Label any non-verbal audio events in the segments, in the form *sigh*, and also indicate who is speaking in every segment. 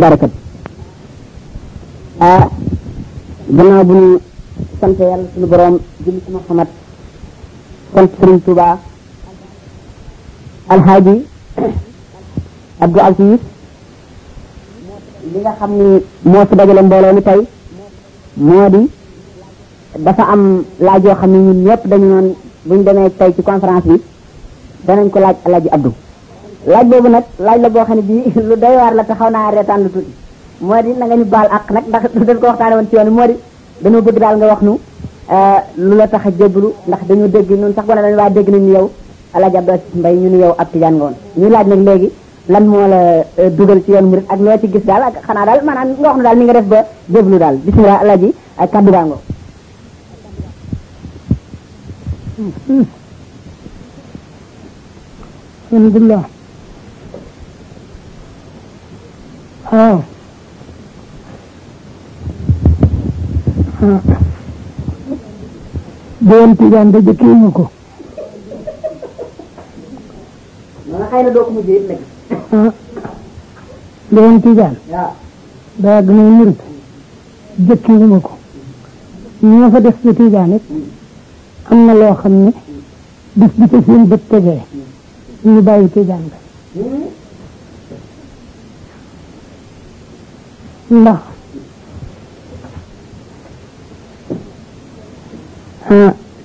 Speaker 1: barakat ah gëna bu ñu sante yalla suñu borom jëm ci muhammad kon sëriñ tuba al hadi abdou aziz li nga xamni mo ci dajale mbolo ni tay modi dafa am la jo xamni ñun ñëpp dañu non buñu demee tay ci conférence bi danañ ko laaj alaaji abdou laaj boobu nag laaj la boo xam ne bii *laughs* lu doy la te xaw naa reetaan lu tuuti moo di na ñu baal ak nag ndax *laughs* dañ ko waxtaane woon ci yoon moo di dañoo bëgg daal nga wax nu eh, lu la tax a jébbalu ndax dañu dégg ñun sax wala dañu waa dégg nañu yow Alaaji Abdou Aziz mbay ñu ni yow ab tijaan nga woon ñu laaj nag léegi lan moo la eh, dugal ci yoon murit ak loo ci gis daal ak xanaa daal a nga wax nu daal ni nga def ba jébbalu daal bismillah Alaaji kaddu gaa ngoo alhamdulillah ها oh. doon tijaan da jëkkee ñu ko. maanaam xëy na doo ko mujjee it nag. ah doon tijaan. waaw daa yàgg may murit jëkkee ñu ma ko. ñoo fa def ci tijaan it am na loo xam ne bis bi ca seen bët tegee ñu bàyyi tijaan ba. Hmm. ndax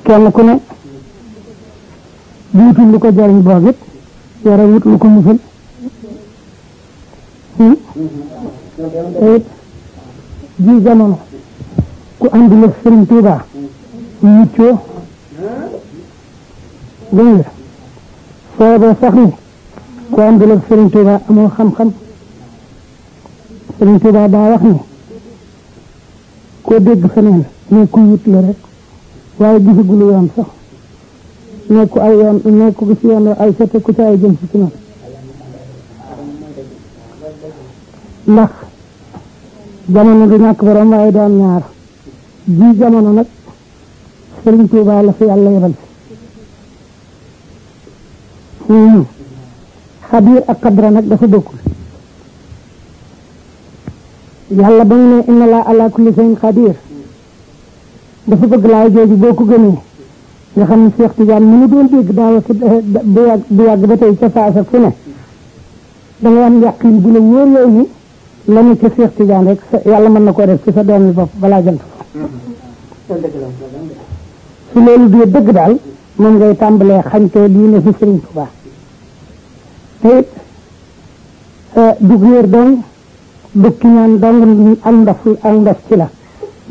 Speaker 1: kenn ku ne di wutul lu ko jariñ boog it wut lu ko musal hmm? te it ji jamono ku andi la Sëriñ Tuuba muccoo gën la soobee sax ni ku andi la Sëriñ Tuuba amoo xam-xam Sëriñ Tuubaa daa wax ne koo dégg feneen ne ku wut waaye gisagul yoon sax nekk ku ay yoon ku ci yoon ay sotte ku ci ay jëm si ci man ndax jamono du waaye du am ñaar ji jamono nag Sëriñ Tuubaa la fi yàlla xabiir ak xadra nag dafa bokkul yàlla ba mu ne inna laa ala kulli shay'in qadir dafa bëgg laay jooju boo ko gëmee nga xam ne Cheikh Tidiane mu ngi doon dégg daaw ak bu yàgg bu yàgg ba tey ca saasa fu ne da nga am yàqin bu la wóor yow ni la ñu ca yàlla mën na ko def ci sa doom bi bopp balaa jant su dëgg daal moom ngay tàmbalee xañtoo lii ne fi Sëriñ Tuubaa te it eh, du mbëkki ñaan dong ak ndof ak ndof ci la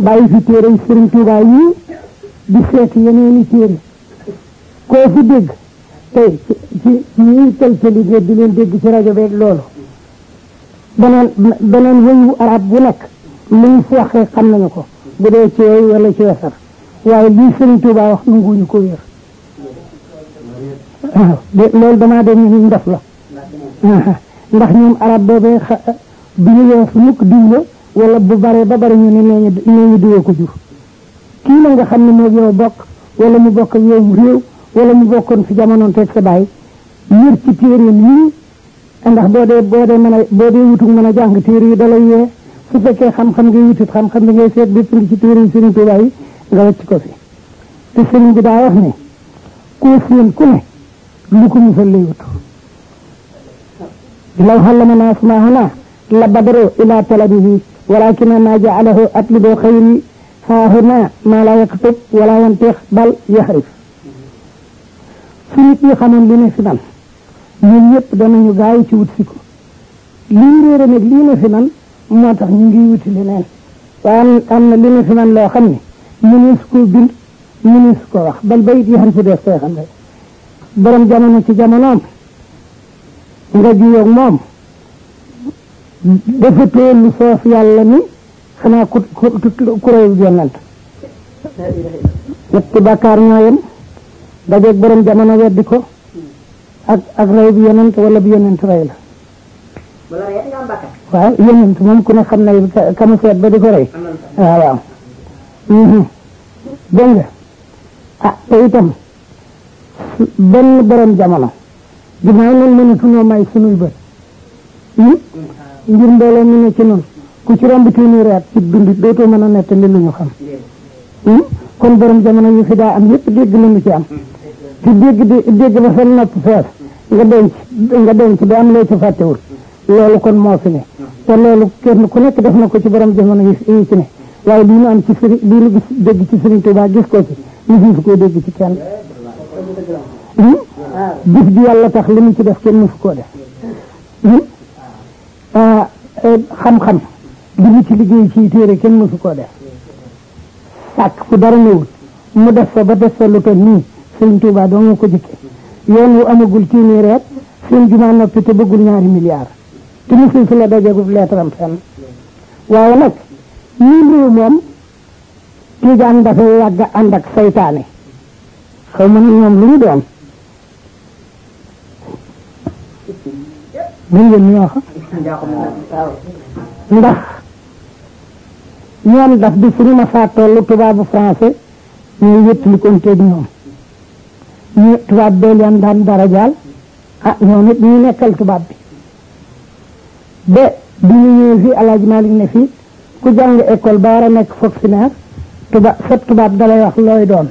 Speaker 1: bàyyi fi téere yi Sëriñ Tuubaa yi di seet yeneeni téere koo fi dégg tey ci ñuy tëltëli de di leen dégg ci rajo beeg loolu beneen beneen wëyu arab bu nekk lu ñu fi waxee xam nañu ko bu dee ci yooyu wala ci wesar waaye lii Sëriñ Tuubaa wax nanguwuñu ko wér waaw loolu damaa doon ñu ndof la ndax ñoom arab boobee du ñu weesu mukk diw la wala bu baree ba bari ñu ne nee ñu diwee ko jur kii la nga xam ne moom yow bokk wala mu bokk ak yow réew wala mu bokkoon fi jamono teg sa bàyyi yër ci téere yi ndax boo dee boo dee mën a boo dee wutuk mën a jàng téere yi dalay yee su fekkee xam-xam ngay wutit xam-xam bi ngay seet bépp ngi ci téere yi Sëriñ nga wàcc ko fi te sëriñ bi daa wax ne koo séen ku ne lu ko musal lay wut law xalla ma naa suma xanaa la badaro ila talabihi walakin ma ja'alahu atlibu khayri ha huna ma la yaktub wala yantiq bal yahrif su nit ñi xamoon fi man ñun ñëpp danañu gaaw ci wut si ko liñ réere nag li ne fi man moo tax ñu ngi wuti leneen waaye am fi man loo xam ne mënees koo bind mënees koo wax bal bayit yi xam ci def koy xam ci jamonoom nga jiyoog moom defatee lu soof yàlla ni xanaa ku ku ku rëyul yonent ñetti bàkkaar ñooyam dajeeg borom jamono weddi ko ak ak yonent wala bi yonent rey la. waaw yonent moom ku ne xam na kamu feet ba di ko rey waaw waaw mhm. dégg ah te itam benn borom jamono ginnaaw noonu may sunuy bët hmm? ngir mbooloo mi ne ci noonu ku ci romb téeméeri at ci dund dootoo mën a nettali lu ñu xam hmm? kon borom jamono yu fi daa am yëpp dégg la ñu ci am ci dégg di dégg ba sa nopp fees nga denc nga denc ba am loo ci fàttewul loolu kon moo fi ne te loolu kenn ku nekk def na ko ci borom jamono yi ci ne waaye bii ñu am ci sëriñ bii ñu gis dégg ci Sëriñ Tuubaa gis ko ci ñu gis ko dégg ci kenn hmm? gis ji yàlla tax li mu ci def kenn mu fi koo def hmm? Euh, euh, xam-xam bi ci liggéey ci téere kenn mësu koo def sàkk fu dara newul mu def fa ba def fa lu toll nii sëriñ Tuubaa doo ko jëkke yoon wu amagul téeméeri at seen jumaa noppi te bëggul ñaari milliards te mu fi fu la leetaram fenn waaye nag ñun réew moom tijaan dafay yàgg ànd ak saytaane xaw ma ni ñoom lu ñu doon min ngeen ñuy wax ndax ñoom daf di suñu masaa toll tubaabu français ñuy wéttali konteeg ñoom ñu tubaab bee leen daan dara jaal ah ñoom it ñu nekkal tubaab bi ba bi ñu ñëwee fii alaaji Malik ne fii ku jàng école ba war a nekk fonctionnaire tubaab sa tubaab dalay wax looy doon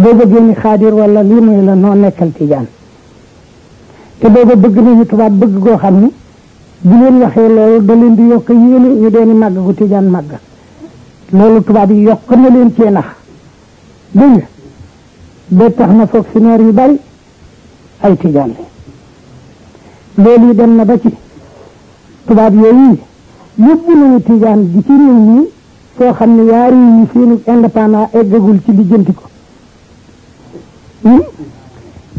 Speaker 1: boo bëggee ni xaadir wala lii muy la noo nekkal tijaan te booba bëgg nañu tubaab bëgg goo xam ne bu leen waxee loolu da di yokk yéene ñu dee ni màgg gu tijaan loolu tubaab yokk na leen cee nax dégg nga ba tax na fonctionnaire yu bari ay tijaan la loolu yi dem na ba ci tubaab yooyu yóbbu nañu tijaan gi ci réew mi soo xam ne yaari yi seenu indépendant eggagul ci lijjanti ko hmm?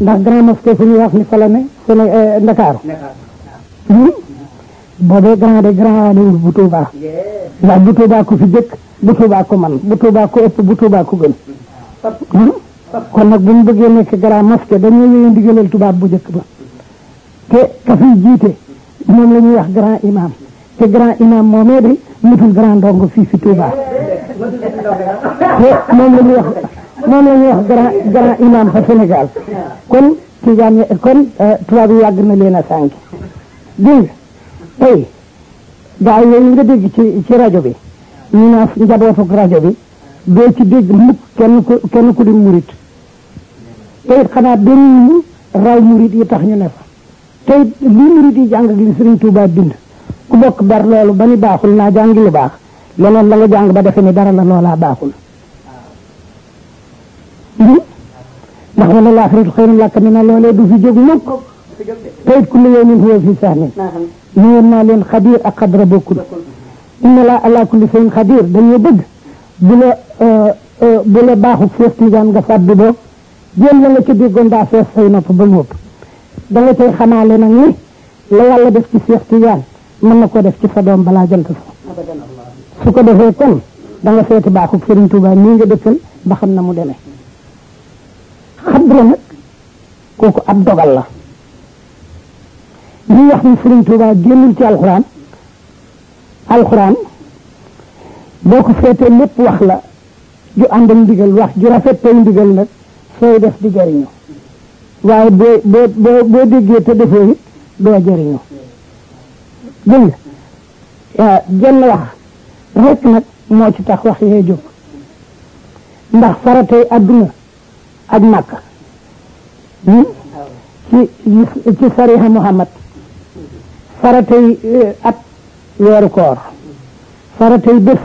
Speaker 1: ndax grand mosquée fu ñuy wax ni fa la ne fu ne eh, Ndakaaru hmm? boobee grand de grand bu Tuubaa ndax bu Tuubaa ko fi jëkk bu Tuubaa ko man bu Tuubaa ko ëpp bu Tuubaa ko gën hmm? kon nag bu ñu bëggee nekk grand mosquée dañoo yooyu ndigalal tubaab bu jëkk ba te ka jiite moom la ñuy grand imam te grand imam moomee de mutul grand ndongo fii fi Tuubaa
Speaker 2: te moom la ñuy
Speaker 1: moom la ñuy wax grand grand imam fa Sénégal kon Tijaan kon euh, tubaab yàgg na leen a sànq dégg nga tey gaa nga dégg ci ci rajo bi ñu naa rajo bi doo ci dégg mukk kenn ku kenn di murit tey xanaa benn raw murit yi tax ñu ne fa tey li murit yi jàng ak li Sëriñ Tuubaa bind ku bokk bar loolu ba ni baaxul naa jàngi lu baax leneen la nga jàng ba defe ni dara la loolaa baaxul نحن لا آخرت خير لكننا لا نريد في جوج مك تيد كل يوم هو في سهل نير ما لين خدير أقدر بكل إن لا على كل شيء خدير بل يبد بلا آه، آه، بلا باخو فيس تي جان غفاد بو جيل لا كي دي غوندا فيس سي نوب بموب دا لا تي خمالي نغي لا يالا ديف سي شيخ تي جان من نكو ديف سي فدوم بلا جنت سو سوكو ديفي كون دا لا فيتي باخو فيرن توبا ني نغي دكل با خمنا مو ديمي xadra nag kooku ab dogal la ñuy wax ni Sëriñ Tuubaa génnul ci alxuraan alxuraan boo ko feetee lépp wax la ju ànd ak ndigal wax ju rafet tey ndigal nag sooy def di jariñu waaye boo boo boo déggee te defoo doo jariñu dégg nga jenn wax rek nag moo ci tax wax yee jóg ndax faratey àdduna ak Makka hmm? ci ci sariha Muhammad faratay eh, at weeru koor faratay bés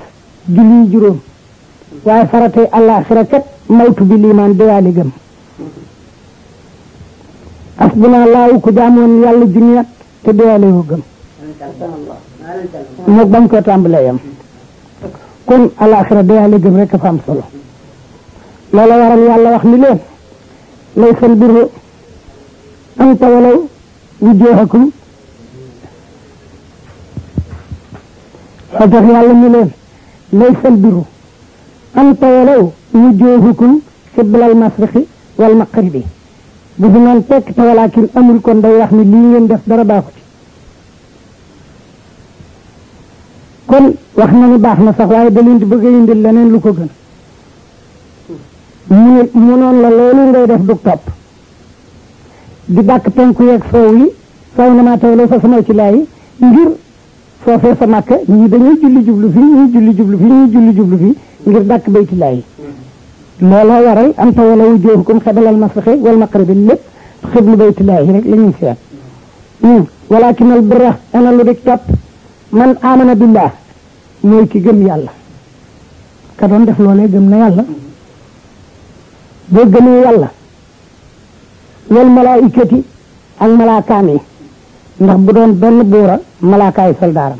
Speaker 1: julli juróom waaye faratay àllaaxira kat mawtu bi liimaan diwaali gëm asbuna laahu ko jaamoon yàlla junni at te diwaali ko gëm
Speaker 2: moog bañ ko tàmbalee
Speaker 1: yam kon àllaaxira diwaali gëm rek fa solo لولا ورم يالله وخني له ليس البر أنت ولو وجوهكم فدخ يالله ملين ليس البر أنت ولو وجوهكم قبل المسرح والمقربي بدون أن تكت ولكن أمركم دو وخني لين دف درباكت كل وخنا نباحنا سخواه دلين تبغي يندل لنين لكوكنا mu noon la loolu ngay def dug topp di bàkk penku yeeg soow yi na maa taw loo fa sama ci laay ngir soo fee sa màkk ñii dañuy julli jublu fii ñii julli jublu fii ñii julli jublu fii ngir dàkk bayti laay looloo waral am taw la wu jooxu comme xebalal masriqi wal maqribi lépp xiblu bayti laay rek la ñuy seet hmm. walakin al birra ana lu dik topp man amana billah mooy ki gëm yàlla ka doon def loolee gëm na yàlla boo gëmee yàlla wal malaayikati ak malaakaam ndax bu doon benn buura malaakaay soldaaram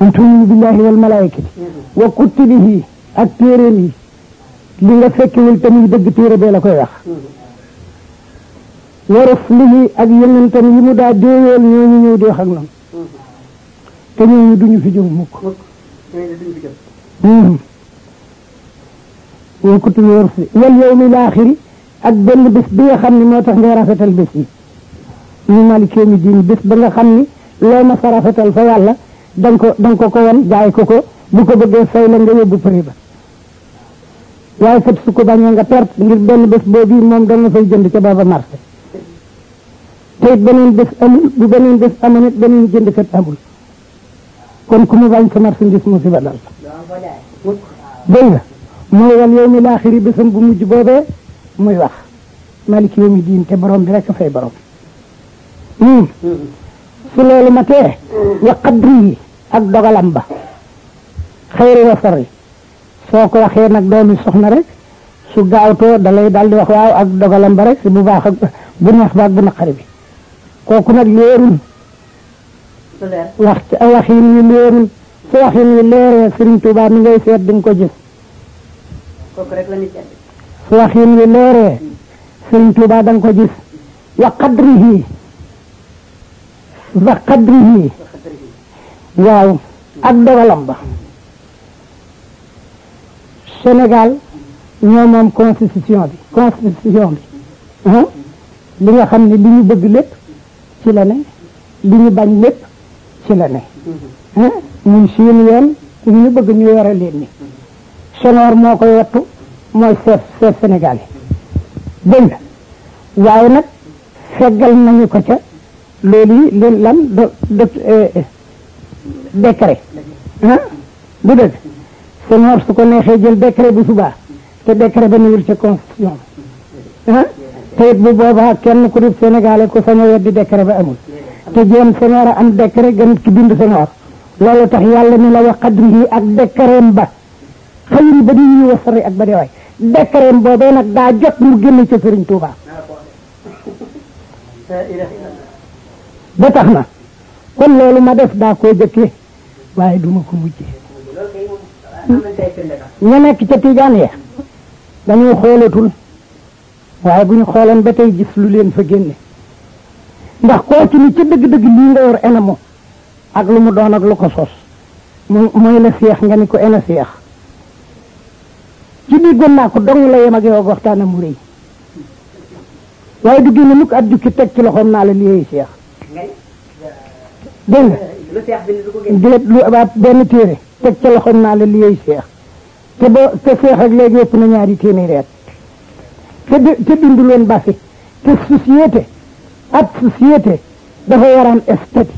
Speaker 1: an tuumu billahi wal malaayikati wa kutubihi ak téeréem yi li nga fekkewul te muy dëgg téere bee la koy wax wa rusulihi ak yonentam yi mu daa déeyool ñooñu ñëw di wax ak ñoom te ñooñu duñu fi jóg mukk wa kutubi wursi wal yawmil aaxiri ak benn bés bi nga xam ni moo tax ngay rafetal bés yi ñu malik yawmi diin bés ba xam ni loo ma sa rafetal fa yàlla dan ko danga ko ko won ko ko bu ko bëggee fay la nga yóbbu prix ba waaye kat su ko bañee nga perte ngir benn bés boobu moom dana fay jënd ca booba marché te it beneen bés amul bu beneen bés amoon it beneen kon ku mu bañ sa marchandise musiba dal dégg mooy wal yow mi laaxiri bésam bu mujj boobee muy wax malik yow diin te borom bi rek a fay borom. Hmm. su loolu matee. wa qadri yi ak dogalam ba. xëyri wa soo ko waxee nag doomi soxna rek su gaawtoo da lay daal di wax waaw ak dogalam ba rek si bu baax ak bu neex ba ak bu naqari bi kooku nag leerul. wax waxin wi leerul su waxin wi leeree Sëriñ Tuubaa mi ngay seet di ko gis. kooku rek la nit su waxin wi da nga ko gis wa qadrihi wa waaw ak dogalam ba Sénégal ñoo moom constitution bi constitution bi li nga xam ne li ñu bëgg lépp ci la ne li ñu bañ lépp ci la ne ñun suñu yoon ñu bëgg ñu yore leen ni Senghor moo koy wattu mooy chef chef Sénégal deug dégg nga waaye nag nañu ko ca loli yi lan do do décret hein bu deug Senghor su ko nexé jël décret bu suba te décret ba ñuul ci constitution hein te bu boobaa kenn ku dib Sénégalais ko sañ a décret ba amul te jëm Senghor am décret gën ci bind Senghor lolu tax yalla ni la wax qadrihi ak décret ba xeyri ba di ñu wa ak ba di way décret bobé nak da jot mu génn ci serigne Touba ba tax na kon loolu ma def daa koo waaye duma ko mujjee ña nekk ca tijaan ya dañuy xoolatul waaye bu ñu xoolan ba tey gis lu leen fa génne ndax koo ci ni ca dëgg-dëgg lii nga yor enamo ak lu mu doon ak lu ko sos mooy la seex nga ni ko ena seex ci déggoon naa ko dong la yem ak yow waxtaanam mu rëy waaye du génn mukk ab jukki teg ci loxoom naa la lii seex
Speaker 2: dégg
Speaker 1: lu ab benn téere teg ci loxoom naa la lii seex te ba te seex ak léegi yëpp na ñaari téeméeri at te te bindu loon basi te société ab société dafa waraan estati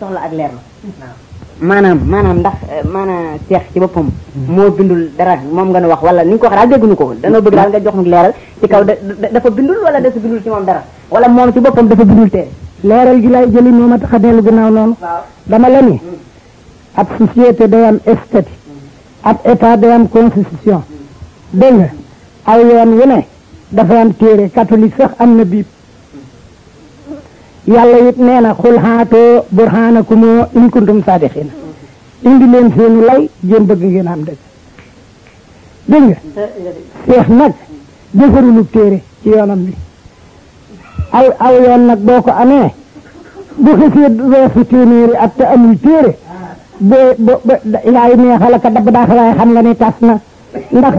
Speaker 1: soxla ak leer maanaam maanaam ndax eh, maanaam seex ci boppam. moo bindul dara moom nga nu wax wala ni nga ko waxee daal dégguñu ko. danoo bëgg daal nga jox ñu leeral ci kaw dafa bindul wala dafa bindul ci moom dara wala moom ci boppam dafa bindul tee leeral gi lay jëli moo a tax dellu ginnaaw noonu. dama la ni ab société day am statut ab état day am constitution dégg nga ay yoon wu ne dafa am téere catholique sax am na bii yàlla it nee na xul xaatoo burhaanakum in kuntum saadiqiina indi leen seeni lay ngeen bëgg ngeen am dëgg dégg nga seex nag defarulub téere yoonam bi aw yoon nag boo ko amee bu xësee weesu téeméeri at te amul téere boo bo yaay neexal ak a dab daax waaye xam nga ne tas na ndax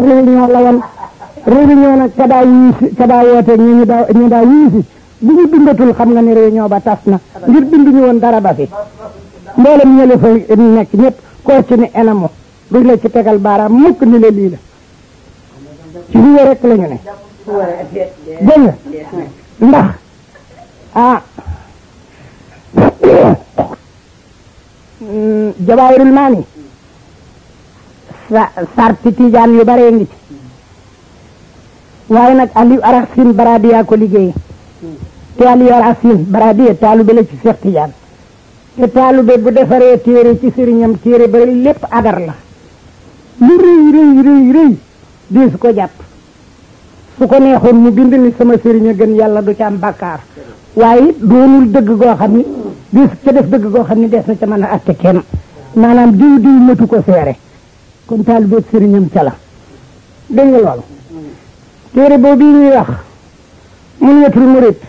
Speaker 1: réunion nag ka wiisi ka daa ñu ñu daa ñu daa wiisi bu ñu xam nga ne réunion ba tas na ngir dunduñu woon dara ba fi mboolem ñële fa nekk ñëpp koo ci ne enamo duñ la ci tegal baaraam mukk ni la lii la ci rek la ñu ne dégg nga ndax ah, *coughs* maani sarti tijaan yu bare ngi ci waaye nag Aliou Araxsin Baradiya liggéey Talu yar asil baradi talu bele ci Cheikh Tidiane te be bu defare tere ci serignam tere bari lepp adar la lu reuy reuy reuy reuy dis ko japp su ko mu bind ni sama serigne gën yalla du ci am bakkar waye doonul deug go xamni dis ci def deug go xamni dess na ci man a kenn maanaam diw matu ko kon be serignam ci la deug lool tere téere ñuy wax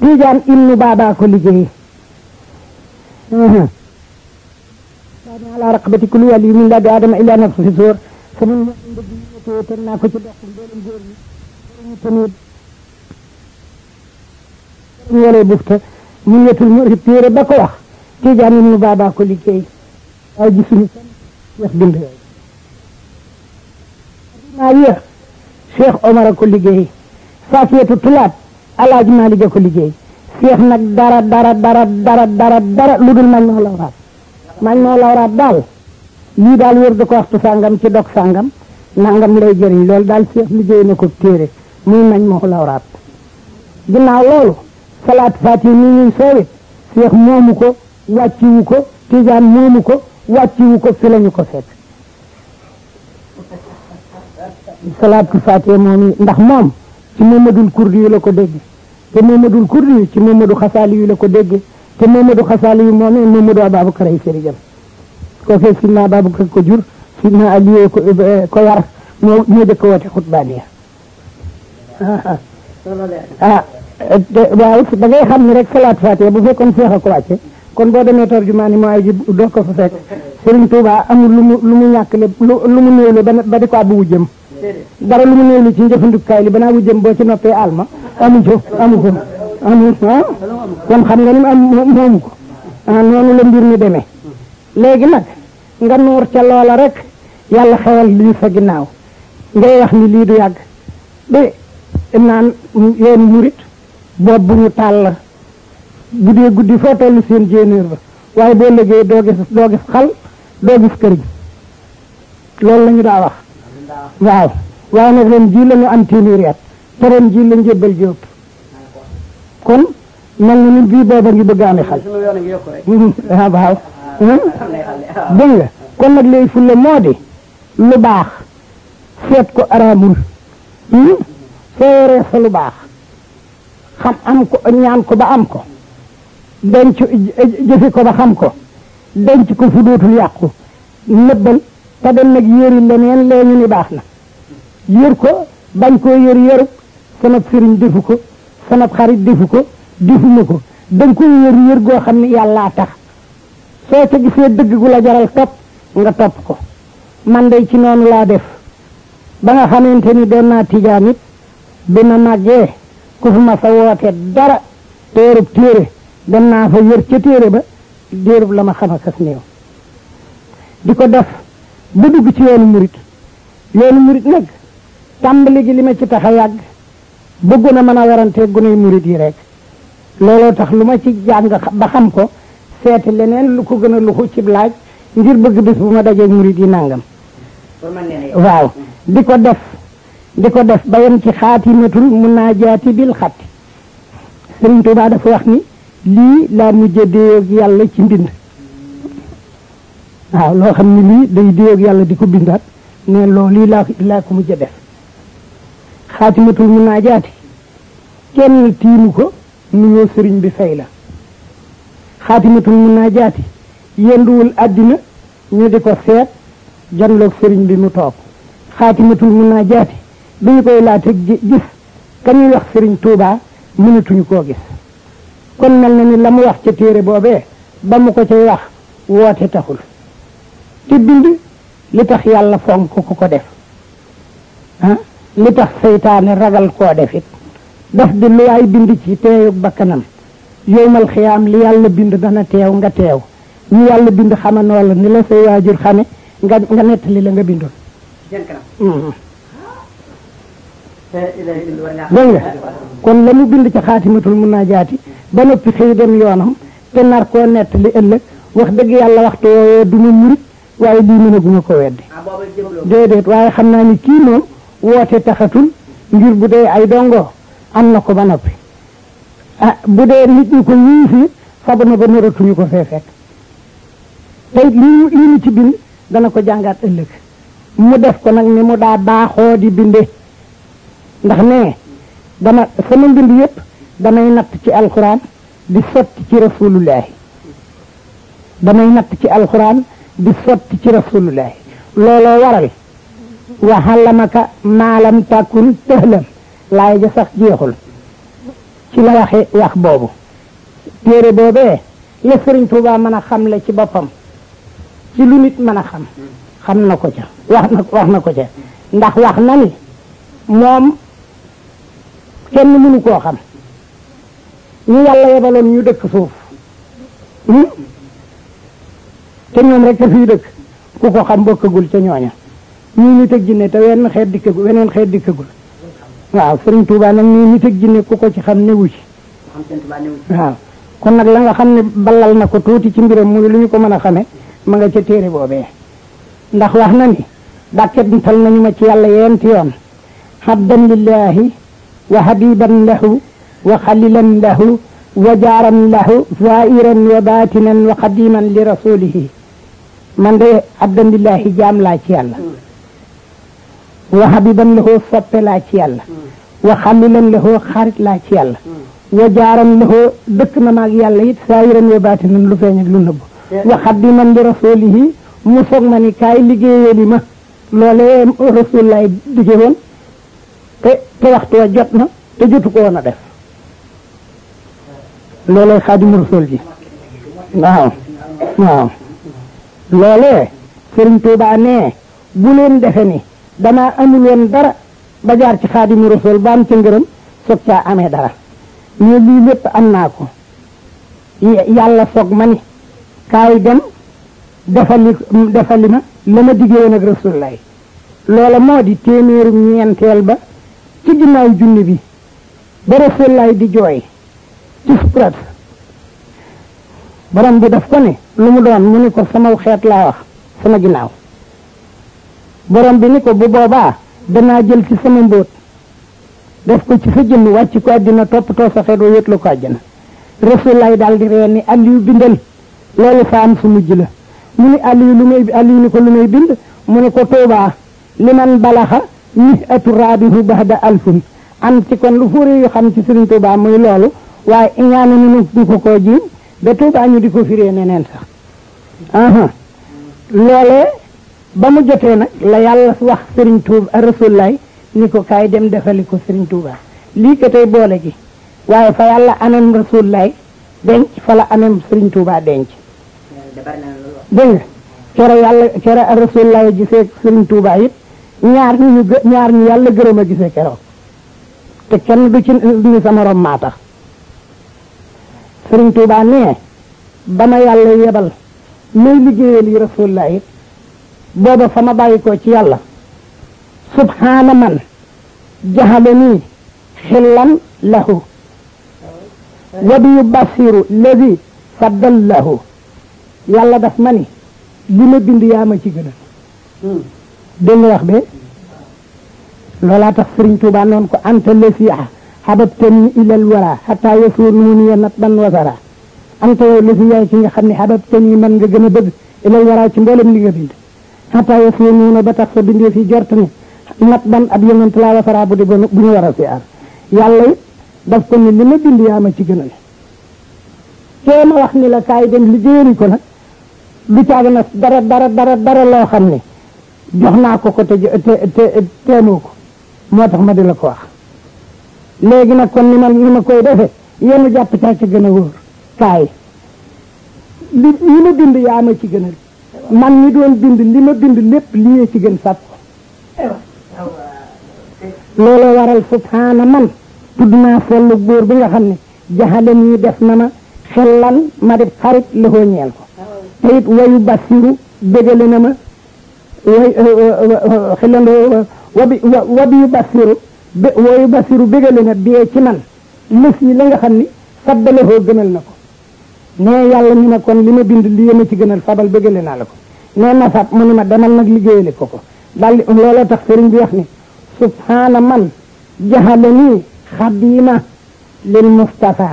Speaker 1: Tiijaan ibnu Baaba ko liggéey saani mhm. ala raqabati kulli wali min ladi adama ila nafsi fi sóor sama ñaan dëgg yi tee teg naa ko ci dox mboolem góor ñi ñu tamit ñu walee bufta ñu wetul mu téere ba ko wax Tiijaan ibnu Baaba ko liggéey waaye gisuñu kan wax bind maa yéex Cheikh Omar a ko liggéey Faatiyatu Tulaab alaaji Maalik a ko liggéey seex nag dara dara dara dara dara dara lu dul mañ moo lawraat mañ moo lawraat daal lii daal wër da ko waxtu sàngam ci dog sàngam nangam lay jëriñ loolu daal seex liggéey na ko téere muy mañ moo lawraat ginnaaw loolu salaat faati mi ñuy soowit seex moomu ko wàcciwu ko tijaan moomu ko wàcciwu ko fi lañu ko fekk salaatul faatee moom ndax moom ci mamadul kurdi yi la ko dégg te Mamadul Kurdi ci Mamadu Xasaali yu la ko dégg te Mamadu Xasaali yu moo ne Mamadu Ababacar ay sëriñam kookee Sidna Ababacar ko jur Sidna Aliyu ko ko yar moo moo jëkk woote xutbaaniya *laughs* ah da ngay xam ne rek salaat faatiha bu fekkoon a ko wàcce kon boo demee tarjumaani moo ay ji doo ko fa fekk Sëriñ Tuuba amul lu mu lu mu ñàkk le lu mu néew le ba di ko abbu jëm dara lu mu néew le ci njëfandikaay li banaa bu jëm boo ci noppee alma amu ko amu ko amu ko ah? kon xam nga ni am moom ko ah noonu la mbir mi demee léegi nag nga nuur ca loola rek yàlla xewal lii fa ginnaaw ngay wax ni lii du yàgg de naan yéen murit boob bu ñu tàll bu dee guddi foo toll seen jéenéer ba waaye boo liggéey doo gis doo gis xal doo gis kër gi loolu la ñu wax waaw waaye nag ren jii la am téeméeri at param ji la njëbbal Jóob kon mel na ni bii booba ngi bëgg a amee xal mm-hmm. ah, waaw waaw mm-hmm. *laughs* ah. dégg nga kon nag lay fulla moo lu baax seet ko araamul mm-hmm. soo yoree sa lu baax xam am ko ñaan ko ba am ko denc jëfe ko ba xam ko denc ko fu dootul yàqu nëbbal te dem nag yëri leneen lee ñu baax na yër ko bañ koo yër sanab sëriñ defu ko sanab xarit defu ko defuma ko da nga koy wér wér goo xam ne yàllaa tax soo ca gisee dëgg gu la jaral topp nga topp ko man day ci noonu laa def ba nga xamante ni doon naa tijaan it bi ma màggee ku fi ma sa woote dara téerub téere dem naa fa wér ca téere ba déerub la ma xam a kas néew di ko def ba dugg ci yoonu murit yoonu murit nag tàmbali gi li ma ci tax a yàgg bëggoon na mën a werantee gune murid yi rek looloo tax lu ma ci jàng ba xam ko seeti leneen lu ko gën a luxu ci laaj ngir bëgg bis bu ma dajee murid yi nangam waaw di ko def di ko def ba yem ci xaatimatul munaajaati bil xatti Sëriñ Tuubaa dafa wax ni lii laa mujje déyoog yàlla ci mbind waaw loo xam ne lii day déyoog yàlla di ko bindaat ne loolu lii laa laa ko mujje def xaatimatul mun naa jaati kenn tiimu ko nuyoo sëriñ bi say la xaatimatul mun naa jaati yenduwul àddina ñu di ko seet janloog sëriñ bi mu toog xaatimatul mun naa jaati bi ñu koy laata gis ka ñuy sëriñ Touba mënatuñu koo gis kon mel na ni la mu wax ca téere boobee ba mu ko cay wax woote taxul te bind li tax yàlla fonk ku ko def ah? li tax seytaane ragal koo def it di lu waay bind ci teeyu bakkanam yowmal xiyaam li yàlla bind dana teew nga teew ñu yàlla bind xamanoo la ni la say waajur xame nga nga nettali la nga bindoon mm-hmm.
Speaker 2: dégg nga kon la mu
Speaker 1: bind ci xaatimatul munaajaati ba noppi xëy dem yoonam te nar koo nettali ëllëg wax dëgg yàlla waxtu woowee du ma murit waaye lii mën a guma ko weddi ah, déedéet waaye xam naa ni kii moom woote taxatul ngir bu dee ay dongo am na ko ba noppi ah bu dee nit ñi ko ñii fi na ba naratuñu ko fee fekk tey li li ñu ci bind dana ko jàngaat ëllëg mu def ko nag ni mu daa baaxoo di binde ndax ne dama sama mbind yépp damay natt ci alxuraan di sotti ci rasulullahi damay natt ci alxuraan di sotti ci rasulullahi looloo waral wa xalamaka maalam tàkkun tëxlam laay ja sax jeexul ci la waxe wax boobu téere boobee la sëriñ Tuubaa mën a xam xamle ci boppam ci lu nit mën a xam xam na ko ca wax na wax na ko ca ndax wax na ni moom kenn mënu koo xam ñu yàlla yebaloon ñu dëkk suuf hmm? te ñoom rek a fii dëkk ku ko xam bokkagul ca ñooña ñii nit ak jinne te wenn xeet dikkagul weneen xeet dikkagul waaw sëriñ Touba nag ñii nit ak jinne ku ko ci xam newu ci waaw kon nag la nga xam ne balal na ko tuuti ci mbiram muy lu ñu ko mën a xame ma nga ca téere boobee ndax wax na ni dàkketal nañu ma ci yàlla yeenti yoon habdan lillahi wa habiban lahu wa xalilan lahu wa jaaran lahu zairan wa batinan wa xadiman li rasulihi man de habdan lillahi jaam laa ci yàlla wa habiban lahoo soppe laa ci yàlla wa xalilan lahoo xarit laa ci yàlla wa jaaran lahoo dëkk na maag yàlla it saayiran wa baatinan lu feeñ ak lu nëbb wa xaddiman li rasulihi mu soog ni kaay liggéeyee ma loolee rasul laay diggee woon te te waxtu wa jot na te jotu ko woon a def loolee xaadimu rasul ji waaw waaw loolee sëriñ Tuubaa nee bu leen defe ni damaa amuloon dara bajaar ci xaadimu rasul ba am ca ngërëm soog caa amee dara mais lii lépp am naa ko yàlla soog ma ni kaay dem defali defali ma la ma diggewoon ak rasulullaay loola moo di téeméeru ñeenteel ba ci ginnaaw junni bi ba rasulullaay di jooy ci surat borom bi daf ko ne lu mu doon mu ni ko samaw xeet laa wax sama ginnaaw borom bi ni ko bu boobaa danaa jël ci sama mbóot def ko ci sa jëmm wàcc ko àddina toppatoo sa xeet wa yët la ko àjjana rasulaay daal di reen ni Aliou bindal loolu faam su mujj la mu ni Aliou lu may Aliou ni ko lu may bind mu ne ko tuubaa li man balaxa mis atu raabihu da alfun am ci kon lu fóoree yu xam ci Sëriñ Tuubaa muy loolu waaye iñaane nu ñu ko koo jiiñ ba Tuubaa ñu di ko firee neneen sax loolee ba mu jotee nag la yàlla wax Serigne Touba Rasulaay ni ko kaay dem defali ko Serigne Touba lii ko tey boole gi waaye fa yàlla anam Rasulaay denc fa la anam Serigne Touba denc. dégg yàlla ñu gërëm a gisee keroog kenn du ci ni sama rom maa tax Serigne Touba nee ba ma yàlla yebal may liggéeyal yi Rasulaay it booba fa ma bàyyi ko ci yàlla subhaana man jaxale nii xillan lahu wabiyu basiru lezi faddal lahu yàlla daf ma ni li ma bind yaa ma ci gën a dégg nga wax be loolaa tax Sëriñ Tuubaa noonu ko anta lesi xababtani ilal wara xataa yasuur nuuniya nat ban wasara anta yow lesi yaay ci nga xam ne xababtani man nga gën a bëgg ilal wara ci mboolem li nga bind xataa yas na ba tax sa bindee fii jort ne nat ban ab yonent laa wasaraa bu di bu ñu war a siyaar yàlla it daf ko ni li ma bind yaa ma ci gënal kee ma wax ni la kaay dem ko nag du caaga na dara dara xam ne jox naa ko ko te te moo tax ma de la ko wax léegi nag kon ni ma koy defe yenu jàpp caa ci gën a wóor kaay li li ma bind yaa ma ci gënal man mi doon bind li ma bind lépp lii ci gën sàpp looloo waral subhaana man tudd naa follu góor bi nga xam ne jaxale nii def na ma xellan ma def xarit lëxoo ñeel ko te it wayu basiru dégale na ma way euh, euh, euh, xellandoo wabi wabi yu basiru wayu basiru dégale na bee ci man lës yi la nga xam ni saddalexoo gënal na ko nee yàlla ñu ne kon li ma bind li yéen ci gënal fabal bëggale naa la ko nee nasab mu ni ma demal nag liggéeyale ko ko daldi looloo tax sëriñ bi wax ni subhaana man jaxale nii xaddiima lil mustafa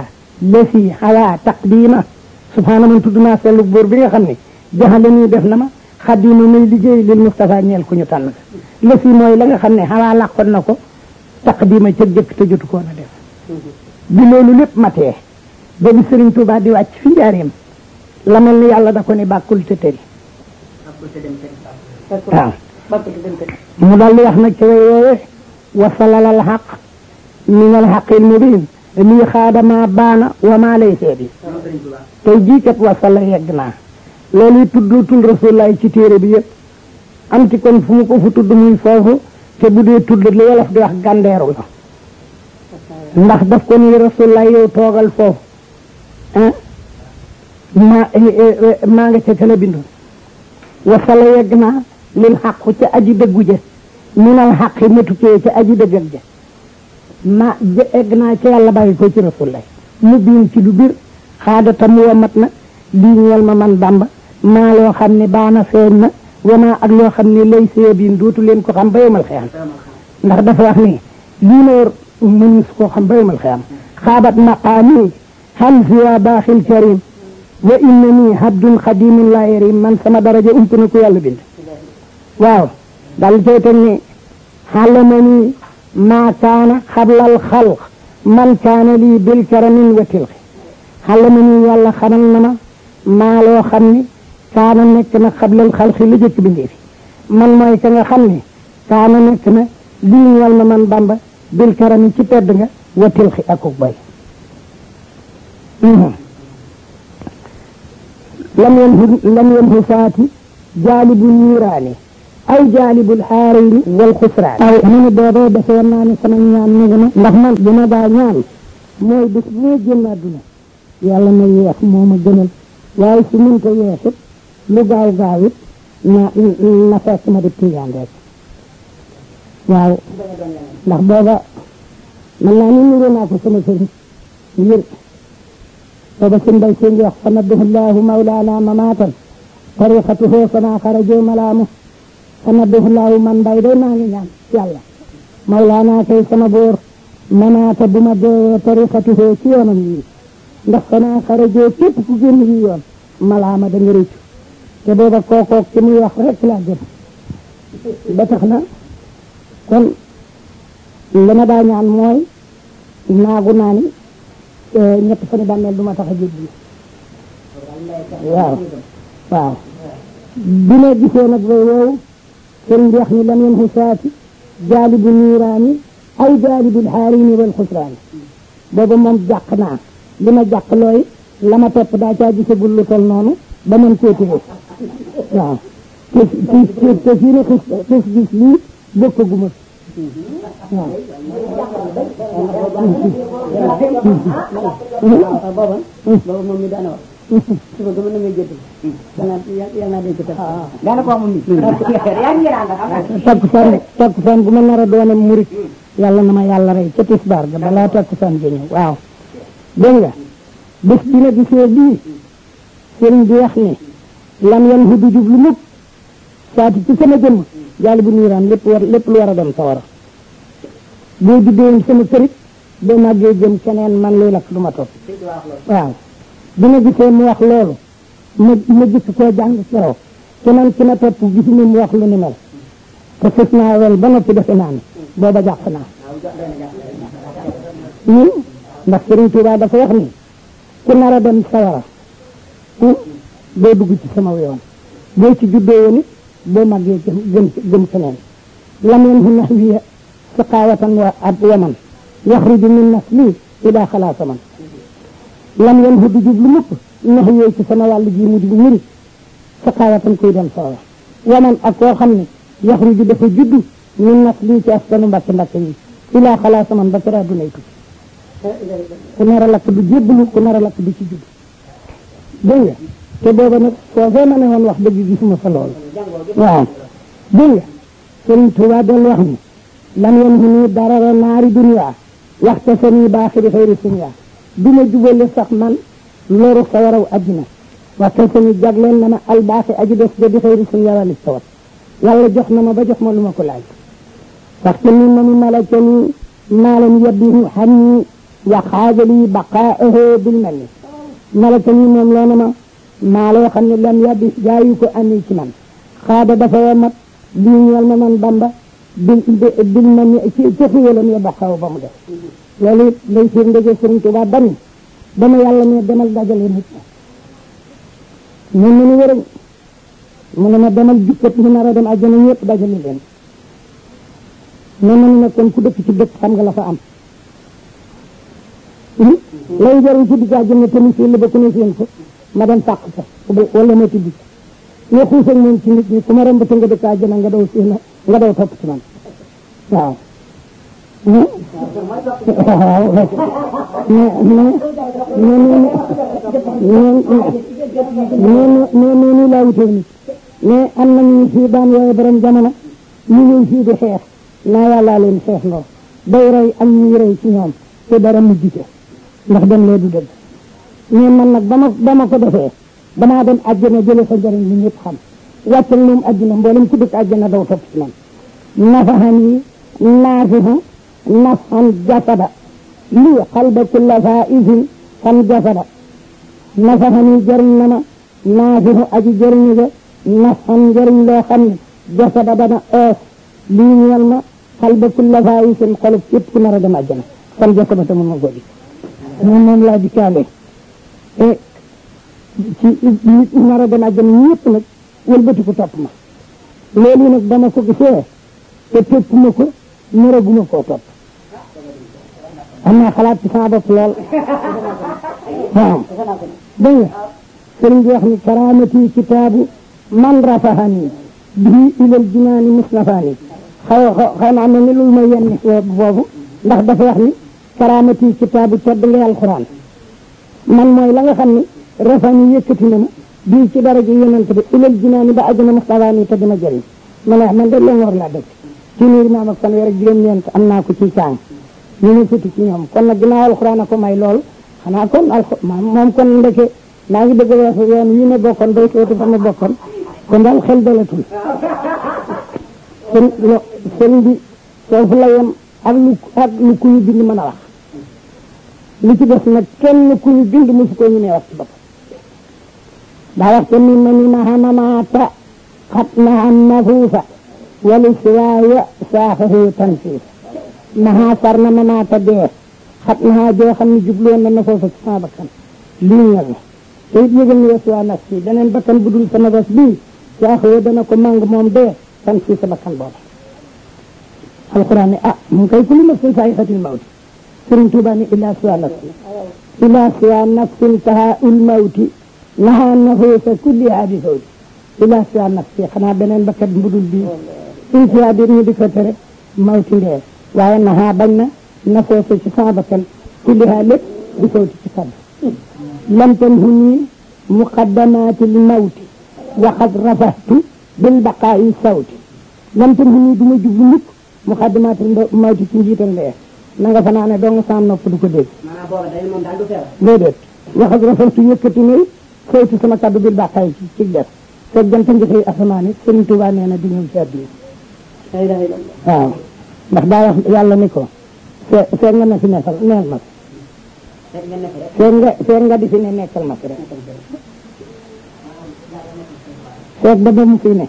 Speaker 1: lësi xawaa taqdiima subhaana man tudd naa selu buur bi nga xam ne jaxale nii def na ma xaddiima muy liggéey lil mustafa ñeel ku ñu tànn ka lësi mooy la nga xam ne xawaa làqoon na ko taqdiima ca jëkk te jotu koon a def bi loolu lépp matee ba bi Serigne Touba di wàcc fi njaareem la mel ni yàlla da ko ne bàkkul te tëri waaw mu daal di wax nag ci way woowee wasalalal xaq min al xaqil mubin lii xaadama baana wa maa lay seebi tey jii kat wasala yegg naa loolu tuddutul rasulaay ci téere bi yëpp am ci kon fu mu ko fu tudd muy foofu te bu dee tudd li wolof di wax gàndeeru la ndax daf ko ni rasulaay yow toogal foofu Eh? ma eh, eh, maa nga ca kala bindu wasala yegg naa lil xaqu ca aji dëggu ja minal xaqi ma tukkee ca aji dëggal ja ma egg naa ca yàlla bàyyi ko ci rasulullah mu biin ci du bir xaadata mu wamat na lii ñeel ma man bamba maa loo xam ne baana feeñ na wanaa ak loo xam ne lay see biin dootu leen ko xam ba yomal xeyam ndax dafa wax ni lii ma yor koo xam ba yomal xeyam xaabat maqaami هل هو باخ الكريم وإنني عبد قديم لا يريم من سما درجة انت أمتنكو يالا بنت واو دال جيتني علمني ما كان قبل الخلق من كان لي بالكرم وتلق علمني يالا خلنا ما لو خمني كان نكنا قبل الخلق اللي جيت من ما يكنا خمني كان نكنا لي يالا من بامبا بالكرم كتاب وتلقي أكو باي لم ينفذ لم ينفذات جالب النيران أو جالب الحارين والخسران أو من بابا بسيرنا سمعنا نغنا نحن بنا بانيان موي بس موي جنة يا الله ما يخ موما جنل waaye su mun ko yeesit lu gaaw gaaw it na na fekk ma di tiyaan rek waaw ndax booba sëñ bay seen wax fa nabbahu llaahu mawlaana mamaatan tariqatuhu sama xarajo malaamu fa nabbahu llaahu man mbay day maa ngi ñaan yàlla mawlaana kay sama boor mamaata bu ma deewee tariqatuhu ci yoonam yi ndax sama xarajo képp ku génn yoon malaama da nga rëccu booba kookoog ci muy wax rek laa gëm ba tax kon li ma daa ñaan mooy naa ni ñett fani bàmmeel du ma tax a jéggi waaw waaw bi ma gisee nag way woowu sëriñ bi wax xusaati jaalibu niiraani ay jaalibul xaariini wal xusraani boobu moom jàq naa li ma jàq looy la ma topp daa caa gisagul lu tol ba mën céeti bu te te te fii ne xis xis gis
Speaker 2: booba booba
Speaker 1: moom mi daana wax suba gëm na muy yal a doone murit. yàlla na ma yàlla rey ca tisbaar ga balaa takkusaan ja ñëw waaw. dégg nga bés bi nag gisee bii sëriñ bi wax ne lam yan hudu jublu mukk saati ci yàlla bu niiraan lépp lépp lu war a dem sawara boo juddee sama sërit boo màggee jëm keneen man luy la du ma topp waaw bi gisee mu wax loolu ma gis koo jàng saraw keneen ki ma topp gisuma mu wax lu ni mel te sës naa wel ba noppi defe naa ne jàpp naa ñun hmm? ndax Sëriñ Tuubaa dafa wax ni ku nar a dem boo hmm, dugg ci sama yoon boo ci juddoo woon it boo màggee jëm jëm jëm feneen lam yanhu nahwiya saqawatan wa ab waman yaxruju min nasli ila xalaasa man lam yanhu du jublu mukk nahwiya ci sama wàll ji mu di ñëri saqawatan kuy dem soowa waman ak koo xam ne yaxruju dafa juddu min nasli ci askanu mbàkke mbàkke yi ila xalaasa man ba kera dunay tukki ku nar a lakk du jébbalu ku nar a lakk du ci juddu te booba nag foofee ma ne woon wax dëgg gisuma fa lool waaw dégg nga sëriñ Tuuba doon wax ni lan yan mu nii darara naari duniyaa waxta sa nii baaxi di xëyri duniyaa du ma jubale sax man loru sa waraw addina waxta sa nii jagleen na ma albaaxi aji des ja di xëyri duniyaa walis tawat yàlla jox na ma ba jox ma lu ma ko laaj sax te nii manu malaka nii maalam yabbihu xam nii waxaajali baqaahu bil mel ni malaka nii moom loo na ma maa la xam ne la yàbbis jaayu ko am ci man xaada dafa womat lii ñeel ma man bamba bi bi ma ne ci ci xéwalam ya baxaw ba mu def loolu it day sir ndege sëriñ Tuubaa bani dama yàlla ne demal dajale nit ñun mu nu wërëñ mu ne ma demal jukkat ñu nar a dem àjjana ñëpp dajale leen ne ma a kon ku dëkk ci dëkk xam nga la fa am hmm? lay jaru ci digg àjjana tamit seen li ba ku ne seen ko ma dem sàq ko wala ma tibb ci nga xuus ak moom ci nit ñi ku ma romb te nga nga daw suuna nga daw topp ci man waaw.
Speaker 2: waaw mais
Speaker 1: noonu laa wuteeg nit mais am nañu fii daan waaye borom jamono ñu ñëw fii di xeex naa yàllaa leen xeex lool day rey am ñuy ci ñoom te dara mujj ca ndax dan lee du dëgg ne man nag ba ma ba ma ko defee damaa dem àjjana jëlee sa njëriñ li ñëpp xam wàccal moom àddina mboolem ku dëkk àjjana daw topp ci man nafahan yi naafiha nafan jasada lii xalba kulla faisin fan jasada nafahan yi jëriñ na ma naafiha aji jëriñ ga nafan njëriñ loo xam ne jasada dana oos lii ñeel ma xalba kulla faisin xolub képp ku nar a dem àjjana fan jasada tamit ma góobi moom moom laa dikkaale e ci nit nar a dem àjjana ñëpp nag wëlbati ko topp ma loolu nag ba ma ko gisee te topp ma ko naraguma koo topp am naa xalaat ci sama bopp lool
Speaker 2: waaw dégg nga
Speaker 1: sëriñ bi wax ni karaamati kitaabu man rafahani bihi ilal jinaani musnafani xaw xaw naa mel ni lu ma yenn foofu ndax dafa wax ni karaamati kitaabu cedd ngay alxuraan man mooy la nga xam ne rafani yëkkati na ma bii ci daraja yonent bi ilal jinaa ni ba àjjana muxtawaa nii te dima jëriñ ma ne man de lengoor laa dëkk téeméeri naam ak fanweer ak juróom-ñeent am naa ko ci caang ñu ma fëti ci ñoom kon na ginnaaw alxuraan a ko may lool xanaa kon alxuraan moom kon ndeke maa ngi bëgg a wax yoon wi ma bokkoon day kootu fa ma bokkoon kon daal xel dalatul sëñ sëñ bi foofu la yem ak lu ak lu kuy bind mën a li ci des nag kenn ku ñu bind mosu ko ñu nee wax ci boppam daa wax mi ma ni ma xamamaata xat na am nafuufa wali siwaaya saaxahu tansiif mahaa far na mamaata dee xat naa joo xam ne jubloon na nafoofa ci sama bakkan lii ñal na te ni wasuwaa naf si beneen bakkan bu sa nafas bii saaxahu dana ko màng moom dee tansiif sa bakkan booba alxuraan ne ah mu ngi koy kullu nafsin zaa'iqatul mawt كنت بني إلى سوى نفسي إلى سوى نفسي انتهى الموت لها النفوس كل هذه إلى سوى نفسي خنا بنين بكت مدل بي سوى بني بكتر موت لي وإنها بنا نفوس شفابة كلها لك بفوت شفابة لم تنهني مقدمات الموت وقد رفعت بالبقاء صوتي لم تنهني بمجبنك الموت تنجيت na nga fanaane dong sam nopp du ko dégg
Speaker 2: maanaam booba day mom dal du feebar
Speaker 1: déedéet wax ak rasul tu yëkkati ni xëytu sama kaddu bi bil xay ci ci def fekk gën tan xëy asmané sëñ tuba néna na di ñëw ay àddina waaw ndax da wax yalla niko ko nga na fi nekkal neel ma fee nga fee nga di fi nekkal ma rek fee da ba mu fi ne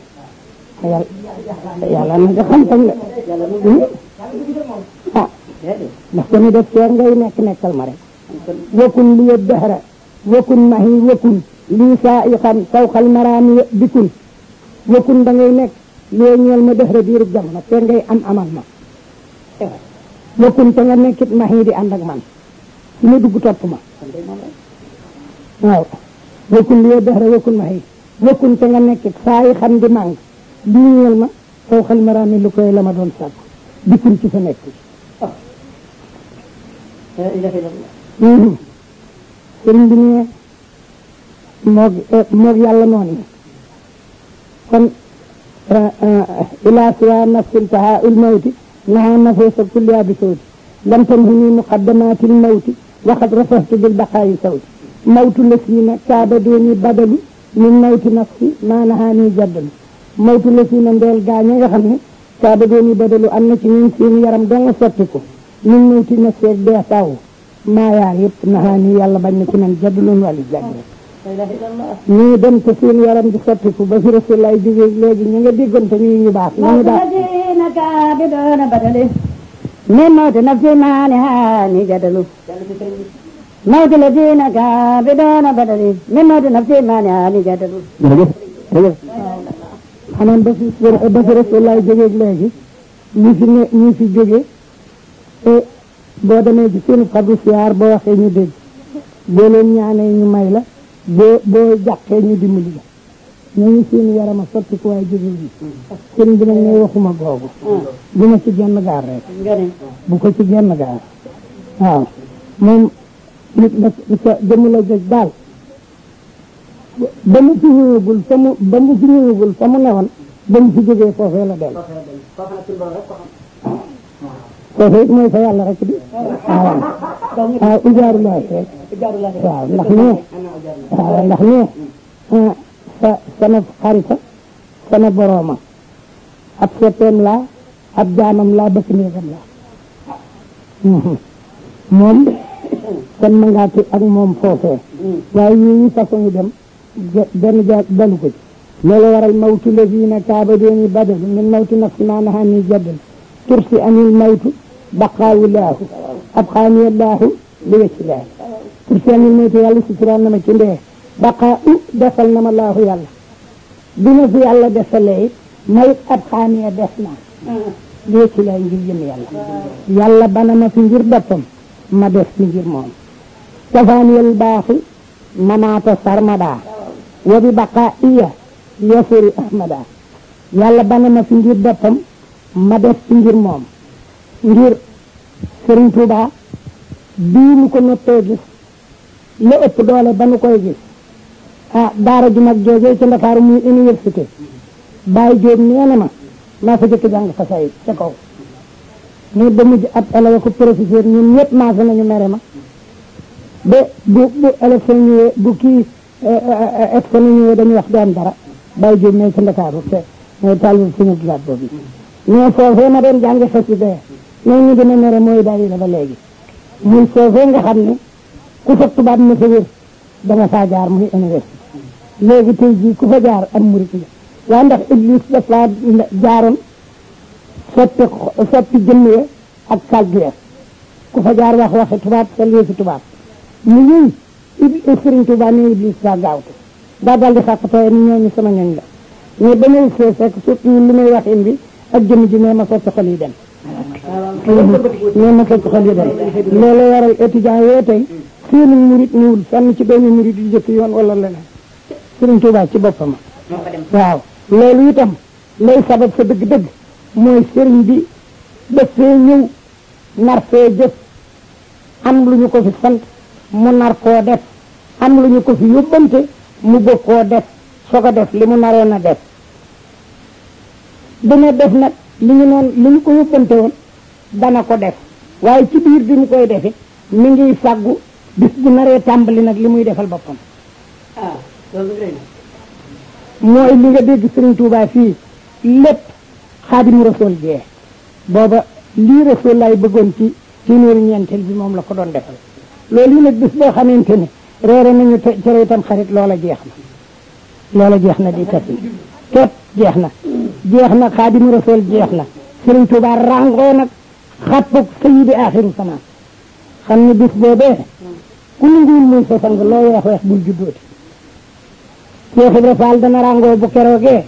Speaker 1: yalla yalla na nga xam tan la ndax ko ni def teer ngay nekk nekkal ma rek wakun li yëpp dahra wakun mahi wakun lii saa iqan fawqal maraami bikun wakun da ngay nekk loo ñeel ma dahra biirub jamono teer ngay am amal ma wakun te nga nekkit mahi di ànd ak man su ma dugg topp ma waaw wakun li yëpp dahra wakun mahi wakun te nga nekkit saa iqan di màng lii ñeel ma fawqal maraami lu koy la ma doon sàkk bikun ci sa nekk
Speaker 2: سيرين
Speaker 1: دنيا موغ موغ يالا نوني كون الى سوى نفس انتهاء الموت نها نفوس كلها بسوت لم تنهني مقدمات الموت وقد رفعت بالبقاء سوت موت الذين كاد دوني بدل من موت نفسي ما نهاني جدل موت الذين ديل غاني خامي كاد دوني بدل ان تشين سين يرم دون سوتكو min nu ci nasseeg dee taw maayaa yëpp naxaa nii yàlla bañ na ci man jaddulun wali jàddi ñu dem te seen yaram di sottiku ba ci rasul lay jóge léegi ñu nga diggante ñu ñu baax ñu baax min mawti nafsi maani haani jadalu mawti la diina ka bi doona badali min mawti nafsi maani haani jadalu maanaam ba ci rasul na jóge léegi ñu fi ñu fi jóge te eh, boo demee ci seen faggu boo waxee ñu dégg boo leen ñaanee ñu may la boo boo jàqee ñu dimbali la ñooñu seen yaram a sotti ko waaye jóge bi seen bi nag ne waxuma googu bu ma ci genn gaar rek bu ko ci genn gaar waaw moom nit nag jëmm la jëg daal ba mu fi ñëwagul fa ba mu fi ñëwagul fa mu ba mu fi jógee foofee la dellu kooku it mooy fa yàlla rek di waaw waaw ijaaru laay waaw ndax nee waaw ndax nee ah, sa sama ab soppeem laa ab jaamam laa bëkk néegam laa mhm. moom kon ma ngaa ak moom foofee waaye yooyu façon yi dem benn ja dalu ko ci kaaba dooni badal min mawtu nafsi maanaha ni jaddal tursi anil mawtu baqaawullaahu abxaaniyallaahu li weccilaah pour seen il mayte yàlla suturaal na ma ci ndee baqaa na ma laahu yàlla bi ma fi yàlla defalee mayit abxaaniya def naa li weccilaah ngir jëm yàlla yàlla bana ma fi ngir boppam ma def fi ngir moom safaaniyal baaxi mamaata sarmadaa wa bi baqaa iya yafuri ahmadaa yàlla bana ma fi ngir boppam ma def fi ngir moom ngir Serigne Touba bii nu ko noppee gis la ëpp doole ba nu koy gis ah daara ju mag joojee ci Ndakaaru muy université Baye Diop nee na ma maa fa jëkk jàng xasaay ca kaw mais ba mujj ab élève ko professeur ñun ñëpp maase nañu mere ma ba bu bu élection ñëwee bu kii expo eh, eh, eh, ñëwee dañuy wax doon dara Baye Diop nee ci Ndakaaru te mooy taalibu suñu gilaat boobu mais foofee ma doon jàng xasida noonu ñu gën a mere mooy dayi la ba léegi muy foofee nga xam ne ku fa tubaab na fa wér da nga faa jaar muy université léegi tey jii ku fa jaar am murit la waa ndax iblis dafa jaaroon soppi soppi jëmm ya ak kàgg ku fa jaar wax waxi tubaab sa lii si tubaab ñu ñuy iblis sëriñ tubaab ne daa daal di xàqatoo ni ñooñu sama ñoñ la mais ba ñëw see fekk surtout li may wax bi ak jëmm ji ne ma soppi xol yi dem ñoo ma fekk xol yi dal loolu waral étudiant yooyu ci benn murit yu jëkk yoon wala leneen Sëriñ Tuubaa ci boppam waaw loolu itam lay sabab sa dëgg-dëgg mooy sëriñ bi def fee ñëw nar fee jëf am lu ñu ko fi sant mu nar koo def am lu ñu ko fi yóbbante mu bëgg koo def soo def li mu naroon a def dina def nag li ñu noonu li ñu ko yëppante woon dana ko def waaye ci biir bi mu koy defe mu ngiy fàggu bis bu naree tàmbali nag li muy defal boppam ah mooy li nga dégg Sëriñ Tuubaa fii lépp xaadimu rasool jee booba lii rasool laay bëggoon ci téeméeri ñeenteel bi moom la ko doon defal loolu yi nag bis boo xamante ne reere nañu cere itam xarit loola jeex na loola jeex na di kat kepp jeex na jeex na xaadimu rasool jeex na sëriñ Tuubaa ràngoo nag xàppug sayidi axiru sama xam ne bis boobee ku nanguwul muy sa sang loo weex weex bul juddooti Cheikh Ibra dana ràngoo bu keroogee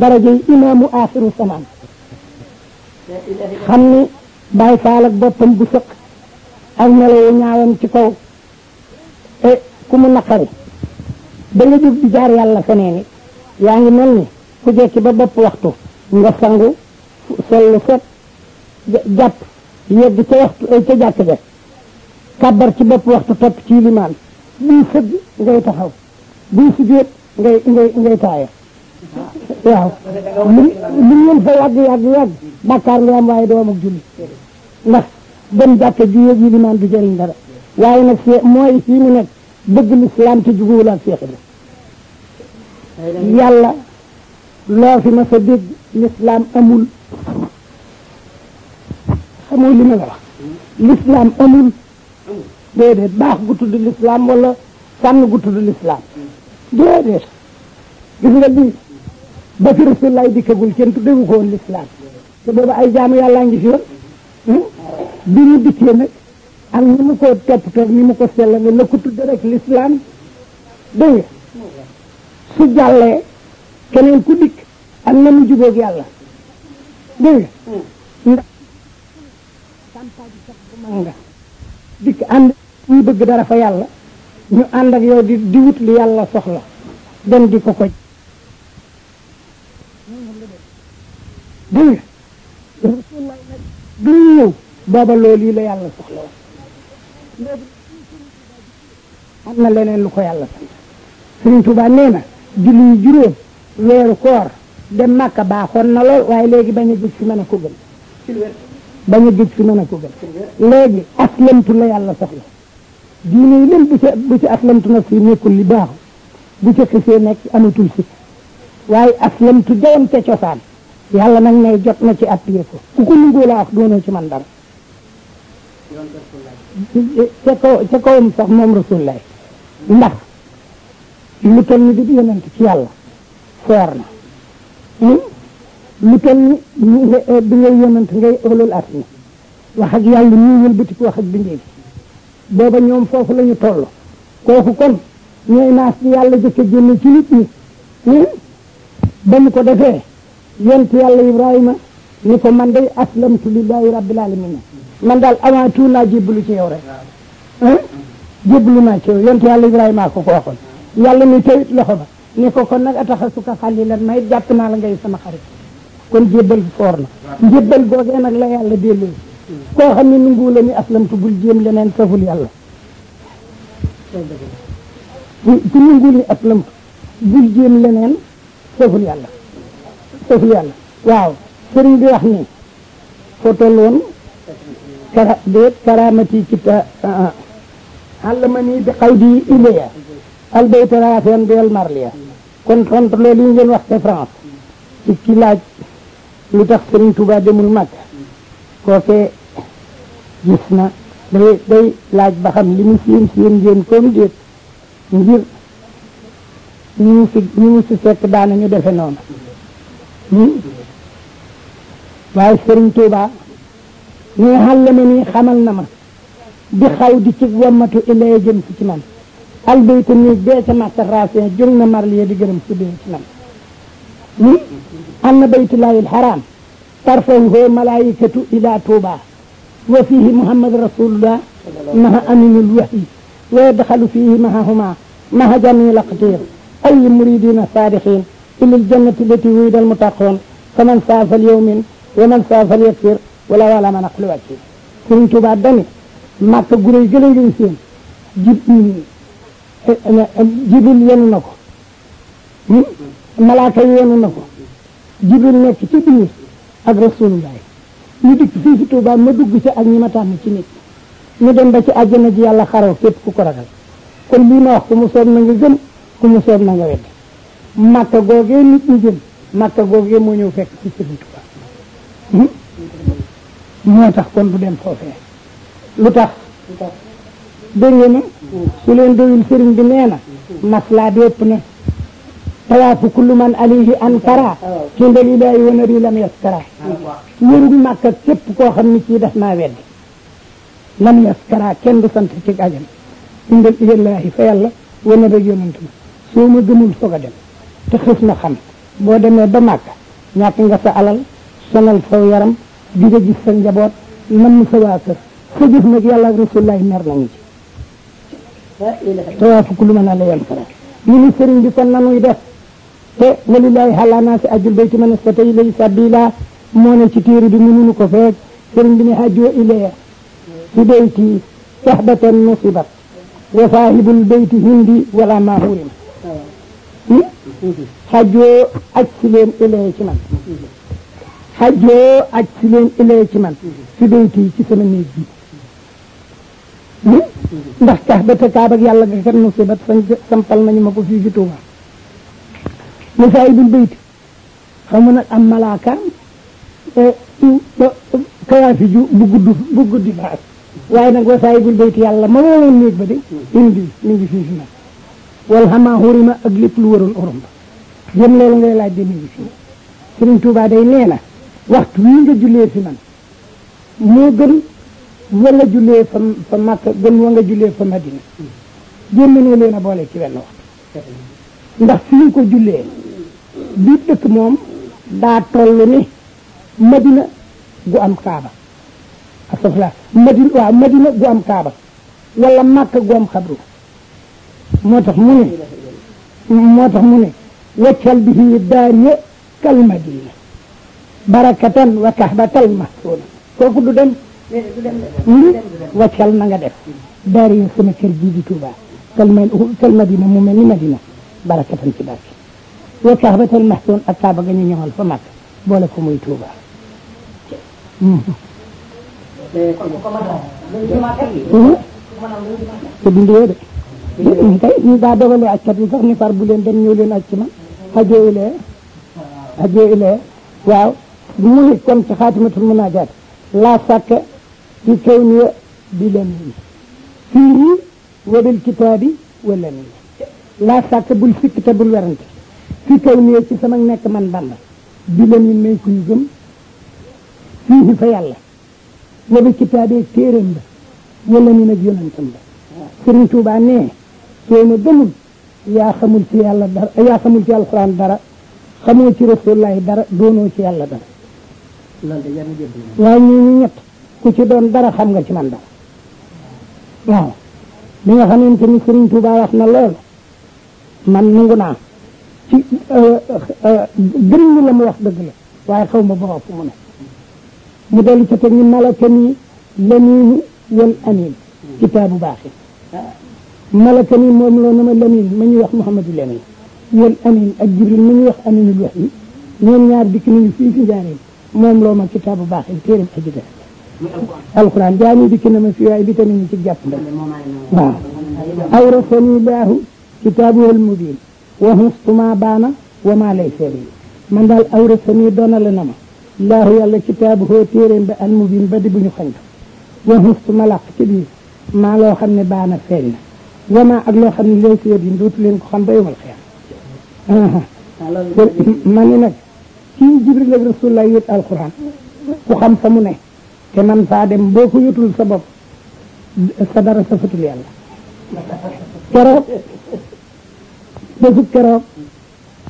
Speaker 1: darajey imaamu axiru samaan xam ni Baay Faal ak boppam bu sëq ak melawu ñaawam ci kaw e ku mu naqari da nga di jaar yàlla feneen yaa ngi mel ni ku jekki ba bopp waxtu nga sangu sol lu set jàpp yegg ca waxtu eh, ca jàkk ja kàbbar ci bopp waxtu topp ci limaan buy sëgg ngay taxaw buy sujjóot ngay ngay ngay taaya
Speaker 2: waaw li
Speaker 1: li fa yàgg yàgg yàgg nga am waaye doo julli ndax dem jàkka ju yëg yi limaan du jëriñ dara waaye nag see mooy fii mu nekk bëgg lislaam te juguwul ak seexi la yàlla loo fi ma sa dégg lislaam amul xamoo li ma la wax lislaam amul déedéet baax gu lislaam wala sànn gu tudd lislaam déedéet gis nga lii ba lay dikkagul kenn tuddewu ko lislaam te boobu hmm? bi ñu dikkee nag ak ni mu ko toppatoo ni mu ko sellale la ko tudde rek lislaam dégg nga su jàllee keneen ku dikk ak na mu jubóog yàlla dégg nga mm. ndax campagne sax bëgg dara fa yàlla ñu àndak ak yow di wut li yàlla soxla dem di ko koj dégg nga rasulullah nag bi ñu loolu yi la yàlla soxla
Speaker 2: woon
Speaker 1: na leneen lu ko yàlla sant Sëriñ Tuubaa nee na julli juróom weeru koor dem Màkka baaxoon na lool waaye léegi bañ a gis si mën a ko gën bañ a gis si mën a ko gën léegi aslamtu la yàlla soxla diine yi leen bu ca bu ca aslamtu na si nekkul li baaxu bu ca xisee nekk amatul si waaye aslamtu jawante cosaan yàlla nag ne jot na ci appuyé ko ku ko nungoo laa wax doonoo ci man dara ca kaw ca kawam sax moom rasulullah ndax lu toll ni di yonent ci yàlla seer na hmm? lu toll ni eh, bi ngay yonant ngay ulul at ni wax ak yàlla ñu wëlbatiku wax ak bindee ñoom foofu lañu ñu toll kooku kon ñooy naas ci yàlla jëkk a ci nit ñi hmm? ba mu ko defee yonent yàlla Ibrahima ni ko man day aslamtu lillahi rabbil alamin man daal avant tout naa jébbalu ci yow rek hmm? jébbalu naa ci yow yonent yàlla Ibrahima ko ko yàlla ni tawit loxo ba ne ko kon nag ataxasuka xalilan may jàpp naa la ngay sama xarit kon jébbal foor na njébbal googee nag la yàlla delloo koo xam ne nungu la ni aslamtu bul jéem leneen saful yàlla ku nungu ni aslamtu bul jéem leneen saful yàlla saful yàlla waaw sëriñ bi wax ni foo tolloon kara déet karamati kita ah, ah, àlla ma bi xaw di ilaya albayta la fen bi al marliya kon tontu loolu ñu leen wax ca France ci laaj lu tax Sëriñ Tuubaa demul Makka kookee gis na day day laaj ba xam li mu siin siin ngeen koom déet ngir ñu mu fi ñu mu fi fekk daanañu defe noonu hmm? waaye Sëriñ Tuubaa ñuy xàllame nii xamal na ma di xaw di ci wammatu ilay jëm si ci man البيت ني بيت ما تراسي جلنا مارلي دي گرم في دين الاسلام ان بيت الله الحرام ترفعه هو ملائكه الى توبا وفيه محمد رسول الله مع امين الوحي ويدخل فيه هما مع جميع القدير اي مريدين صادقين الى الجنه التي يريد المتقون فمن صاف اليوم ومن صاف اليسير ولا ولا من اقل وجهي كنت بعدني ما تقولي جلي جلي جلي جلي Eh, eh, eh, jibril yenu na ko hmm? malaaka yenu na ko jibril nekk ci biir ak rasulullah ñu dikk fii ci Tuubaa ma dugg ci ak ñi ma tànn ci nit ñu dem ba ci àjjana ji yàlla xaroo képp ku ko ragal kon lii ma wax ku mu soob na nga gëm ku mu soob na nga wedd màkka googee nit ñi jëm màkka googee moo ñëw fekk ci Sëriñ Tuubaa hmm? moo tax kon bu dem foofee lu tax dégg ngeen ne su leen doyul sëriñ bi nee na maslaa bi yëpp ne tawaafu kullu man alayhi ankara kindal ilaahi wa nari lam yaskara yéen di màkka képp koo xam ni kii def naa weddi lam yaskara kenn du sant ci ajam kindal ilaahi fa yàlla wa nari yonent ma soo ma gëmul dem te xës na xam boo demee ba màkka ñàkk nga sa alal sonal saw yaram di nga gis sa njaboot mën sa waa sa jëf nag yàlla ak rasulullahi mer nañu ci طواف كل من على ينفر من سرين بسنة نويدة ولله حالا ناس أجل بيت من استطيع لي سبيلا مونا تتير بمن نكفيك سرين بني حجو إليه في بيتي صحبة نصبة وصاحب البيت هندي ولا ما هو حجو أجسلين إليه كمان حجو أجسلين إليه كمان في بيتي كسمني جيت bi ndax kaabata yàlla nga kat nu sibat sañ sampal nañu ma ko fii ci Tuuba masaayibul bayti xam nga nag am malaaka e, kawaafi ju bu gudd bu guddi baas waaye nag wasaayibul yàlla ma woon ngi fii fi nag wal xamaa xurima ak lépp lu waroon orom ba jëm loolu ngay laaj de mi Tuuba day nee waxtu wii nga jullee fi man moo gën wala jullee fa fa Makka gën wa nga jullee fa Madina jémmanoo leen a boole ci wenn waxtu ndax fi ñu ko jullee bi dëkk moom daa toll ni Madina gu am Kaaba astafurlah Madina waaw Madina gu am Kaaba wala Makka gu am xabru moo tax mu ne moo tax mu ne waccal bihi daariye kal Madina barakatan wa kahbatal mahsuna du dem
Speaker 2: waccal
Speaker 1: na nga def daara yi sama kër jii di Touba kalma kal madina mu mel ni madina barakatan ci barke wa kaxbatal mahsoon ak kaaba ga ñu ñëwal fa màkk boole ko muy Touba te bindoo de kay ñu bu leen dem ñëw mu ni ci xaatimatul laa sàkk بكوني بلمين فيني وبالكتاب ولمين لا ساك بول فيك تبول ورنت في كوني ci sama nek man bamba bilamin may kuy gëm fii fa yàlla wabi kitaabee téeram ba wala ni nag yonantam ba sëriñ Tuubaa nee soo ma gëmul yaa xamul ci yàlla dara yaa xamul ci alxuraan dara xamoo ci rasulullahi dara doonoo ci yàlla dara waaye ñu ñu ñett ku ci doon dara xam nga ci man dara waaw li nga xamante ni Sëriñ Tuuba wax na lool man nangu naa ci euh, euh, gën ñu la mu wax dëgg la waaye xaw ma borom fu mu ne mu dellu ca teg ni malakan yi lamiinu wal amiin kitaabu baaxi malakan yi moom loo na la lamiin ma ñuy wax Muhammadu Lamin wal amiin ak Jibril ma ñuy wax amiinul wax yi ñaar dikk nañu fii si njaareen moom loo ma kitaabu baaxi téeram aji def القران جاني ذكرنا من سواء فيتامين نعم. في الجبل او رسلني الله كتابه المبين وهو ما بانا وما ليس لي من قال او رسلني دون لنما الله يلا كتابه تيرين بان مبين بدي بني خنك وهو ما لاق كدي ما لو خن بانا فين وما اك لو خن ليس لي دوت لين كو خن بيوم الخير آه. ماني نك كي جبريل رسول الله يت القران كو خم فمو te man dem boo ko yotul sa bopp sa dara sa fatul yàlla keroog bésu keroog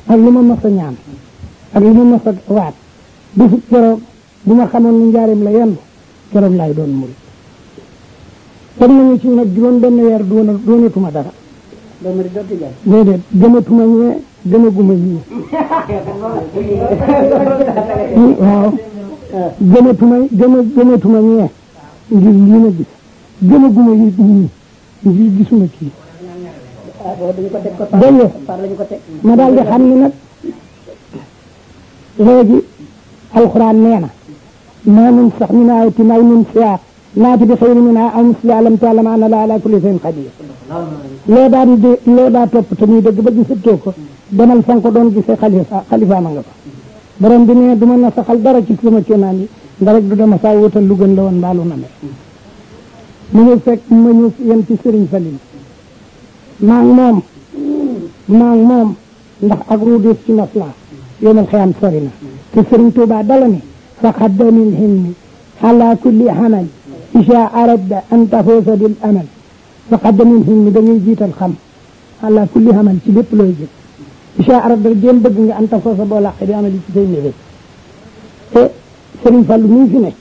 Speaker 1: ak lu ma mos ñaan ak lu ma mos a waat bésu keroog bu ma xamoon ni njaarim la yenn keroog laay doon murit teg nañu ci nag juróom benn weer doona doonatuma dara déedéet gëmatuma ñee gëmaguma ñii *laughs* waaw gëmatuma gëma gëmatuma ñee ngir lii ma gis gëmaguma yi kii dégg
Speaker 2: ma daal di xam ni nag
Speaker 1: léegi alxuraan nee na maa nun sax min aayati naw nun naati bi xëyri min aa aw alam taalam ana la ala kulli shay'in qadir loo daa di loo daa topp te muy dëgg ba gisatoo ko demal fa nga doon gisee xalifa xalifa ma nga borom bi ne du ma nasaxal dara ci sama kéemaan yi ndax rek du dama saa wutal lu gën la woon mbaalu na mel mu ñëw fekk ma ñëw yem ci sëriñ Salim maa ngi maa ngi ndax ak ruudees ci nas laa yoomal xayaam sori na te sëriñ Tuubaa dala ni faqad damil himmi ala kulli xamal isa arada an taxoosa bil amal faqad damil himmi da ngay jiital xam ala kulli xamal ci lépp looy jëf isa arab dara jéem bëgg nga anta foofa boo làqee di amali ci say mbébét te Serigne Fallou mii fi ne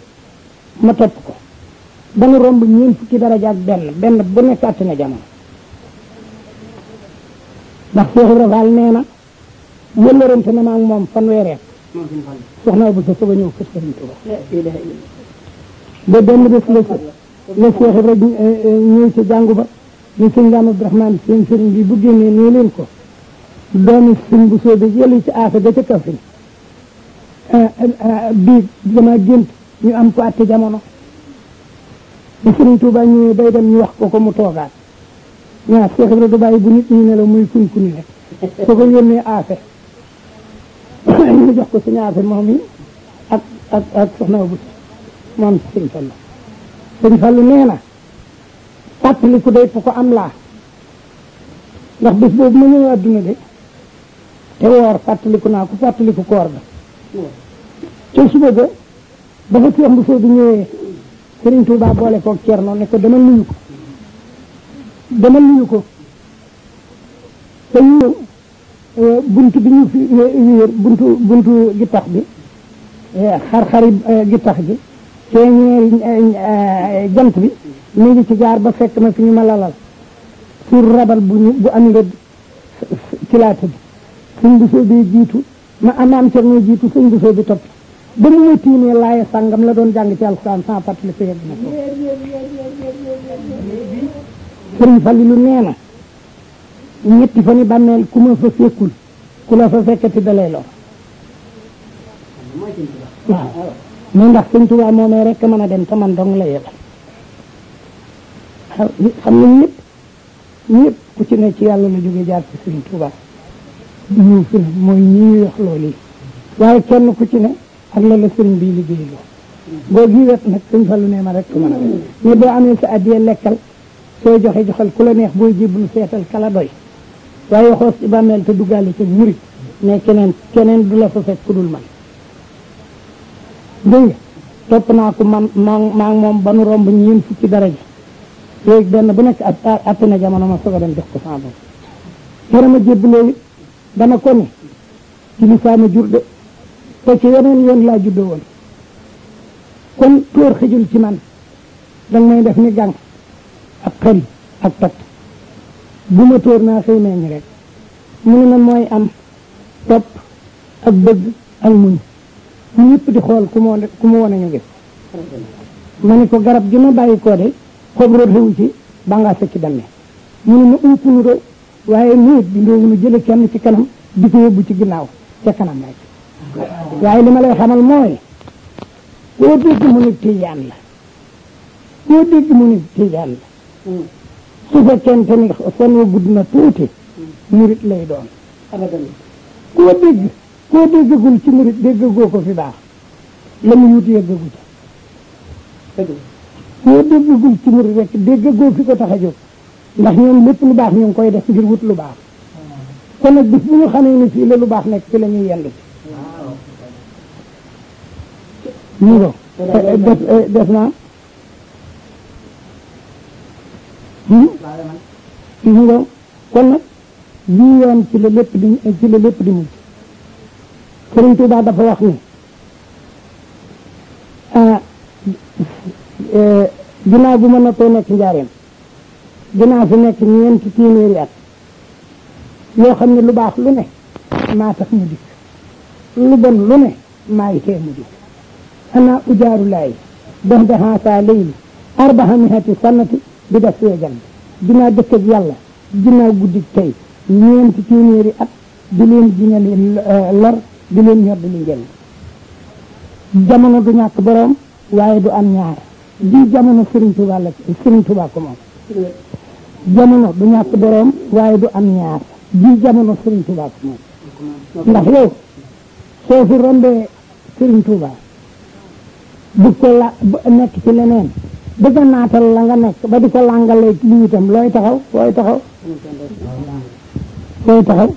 Speaker 1: ma topp ko ba nu romb ñeent fukki daraja ak benn benn bu nekk àtt na jamono ndax Cheikh Ibra Fall nee na wëllërante na ma moom fanweereet soxna bu sa soog a ñëw kër Serigne
Speaker 2: Touba
Speaker 1: ba benn bés la la Cheikh Ibra eh, eh, ñëw ca jàngu ba ñu sëñ Abdourahmane seen sëriñ bi bu génnee nee leen ko doomi sëñ bu soobee yële ci aasa ga ca Kaffrine ah, ah, ah, bii dama gént ñu am ko àtte jamono bu sëriñ Tuuba ñëwee bay dem ñu wax ko ko mu toogaat ñaa Cheikh Ibra du bàyyi bu nit ñu ne la muy kun kuni rek ko ko yónnee aase *coughs* jox ko suñu aase moom ak ak ak soxna bu moom sëñ Fallu sëñ Fallu nee na fàttaliku day ko am laa ndax bés boobu ma ñëw àdduna de te woor fàttaliku naa ku fàttaliku koor ga ca suba ga ba fa Seex Buso bi ñëwee Tuubaa boole koog Cerno ne ko dama nuyu ko dama nuyu ko te ñu eh, bunt bi ñu fi buntu buntu gittax bi eh, xar-xari eh, gittax ji te ñeeri jant bi mu ngi ci jaar ba fekk ma fi ñu ma lalal sur rabal bu am rëdd ci laa tëdd sëñ bu soobee jiitu ma amaam cer noo jiitu sëñ bu soobee topp ba mu ma tiimee laaya sàngam la doon jàng ci alxuraan sans fàttali ko yegg na ko sëriñ Falilu nee na ñetti fan yi bàmmeel ku ma fa ku la fa fekkati dalay lor waaw mu ndax sëñ Tuubaa moomee rekk mën a dem te man dong la yebal xam ne ñëpp ñëpp ku ci ne ci yàlla la jóge jaar ci sëriñ ñuy mooy ñi ñuy wax loolu yi waaye kenn ku ci ne ak la la sëriñ bii liggéey loo boo gi wet nag sëñ Fallu ne ma rek ko mën a mais boo amee sa addiya lekkal soo joxe joxal ku la neex booy jébbalu seetal kala doy waaye xoos ci bàmmeel te duggaale ca murit ne keneen keneen du la fa fekk ku dul man dégg nga topp naa ko man maa maa moom ba nu romb ñeen fukki dara ji léegi benn bu nekk atte na jamono ma soog dem jox ko saa bopp ma jébbaloo dana ko ne ci lisaanu jur de te ci yeneen yoon laa juddoo woon kon tóor xëjul ci man danga may def ni gànk ak xëri ak pat bu ma tóor naa xëy meññ rek mu ne na mooy am topp ak bëgg ak muñ ñu ñëpp di xool ku mu woon ku mu woon ñu gis ma ni ko garab gi ma bàyyi koo de xob root xewu ci bàngaa sa ci demee mu ne ma umpulu waaye nit bindoowunu jële kenn ci kanam di ko yóbbu ci ginnaaw ca kanam rek waaye li ma lay xamal koo dégg mu ni tijaan la koo dégg mu ni tijaan la su fekkente ni fan wa gudd na tuuti murit lay doon abadan koo dégg koo déggagul ci murit déggagoo ko fi baax la mu yuuti yëggagu ca koo déggagul ci murit rek déggagoo fi ko tax a ndax ñoom lépp lu baax ñu ngi koy def ngir wut lu baax kon nag bis bu ñu xamee ni fii la lu baax nekk ci la ñuy yendu
Speaker 2: ci ñu ko def eh,
Speaker 1: def naa ñu hmm? ko kon nag bii yoon ci la lépp di ci la lépp di mujj dafa wax ni ah, eh, ginnaaw bu ma noppee nekk njaareem dinaa fi nekk ñeenti téeméeri at yoo xam ne lu baax lu ne maa tax mu dikk lu bon lu ne maa yi tee mu dikk xanaa ujaaru laay dox de xaasaa leyli arbaxa mihati sannati bi def fee jàng dinaa dëkk ak yàlla dinaa guddi tey ñeenti téeméeri at di leen dina leen eh, lor di leen ñor du ñàkk boroom waaye du am ñaar di jamono Serigne Touba la Serigne jamono du ñàkk boroom waaye du am ñaar ji jamono Serigne Touba
Speaker 2: ko ndax yow
Speaker 1: soo fi rombee Serigne Touba bu la nekk ci leneen bëgg a naatal la nga nekk ba di ko làngalee lii itam looy taxaw looy taxaw looy taxaw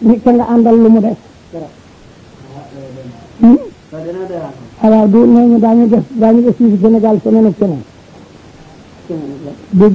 Speaker 1: nit ka nga àndal lu mu def alors du nee ñu daañu def daañu def fii Sénégal semaine ak
Speaker 2: semaine